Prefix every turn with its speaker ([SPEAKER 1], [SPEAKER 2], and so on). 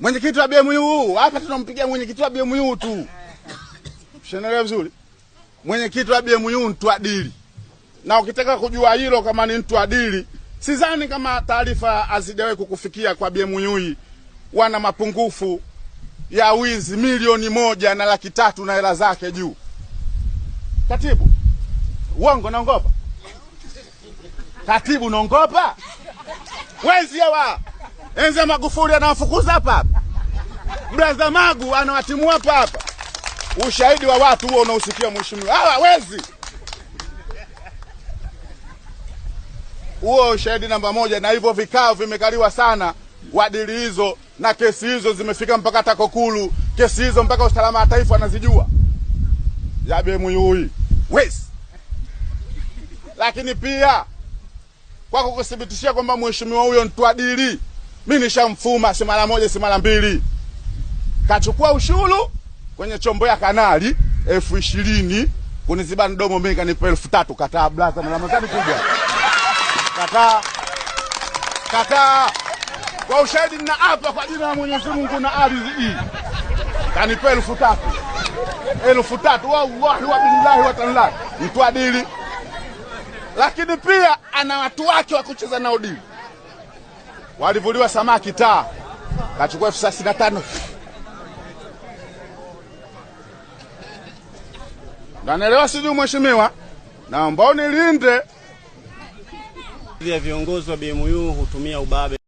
[SPEAKER 1] Mwenyekiti wa BMU hapa tunampigia mwenyekiti wa BMU tu. Mshenelewa vizuri? Mwenyekiti wa BMU mtu adili. Na ukitaka kujua hilo kama ni mtu adili, sidhani kama taarifa hazijawahi kukufikia kwa BMU wana mapungufu ya wizi milioni moja na laki tatu na hela zake juu. Katibu, uongo naongopa. Katibu naongopa. Wezi hawa. Enzi ya Magufuli anawafukuza hapa hapa, braza Magu anawatimua hapa hapa. Ushahidi wa watu huo unaosikia mheshimiwa, hawawezi huo ushahidi namba moja. Na hivyo vikao vimekaliwa sana, wadili hizo na kesi hizo zimefika mpaka TAKUKURU, kesi hizo mpaka usalama wa taifa anazijua yabemuyui wezi. Lakini pia kwa kukuthibitishia kwamba mheshimiwa huyo ntwadili mi nishamfuma, si mara moja, si mara mbili. Kachukua ushuru kwenye chombo ya kanali elfu ishirini kuniziba mdomo, mimi kanipa elfu tatu. Kataa blaza na Ramadhani kubwa, kataa, kataa kwa ushahidi na hapa kwa jina la Mwenyezi Mungu na ardhi hii kanipa elfu tatu elfu tatu wallahi wabillahi watallahi mtu adili, lakini pia ana watu wake wa kucheza nao dili walivuliwa samaki taa, kachukua elfu thelathini na tano nanelewa sijui. Mheshimiwa, naomba unilinde. Viongozi wa BMU hutumia ubabe.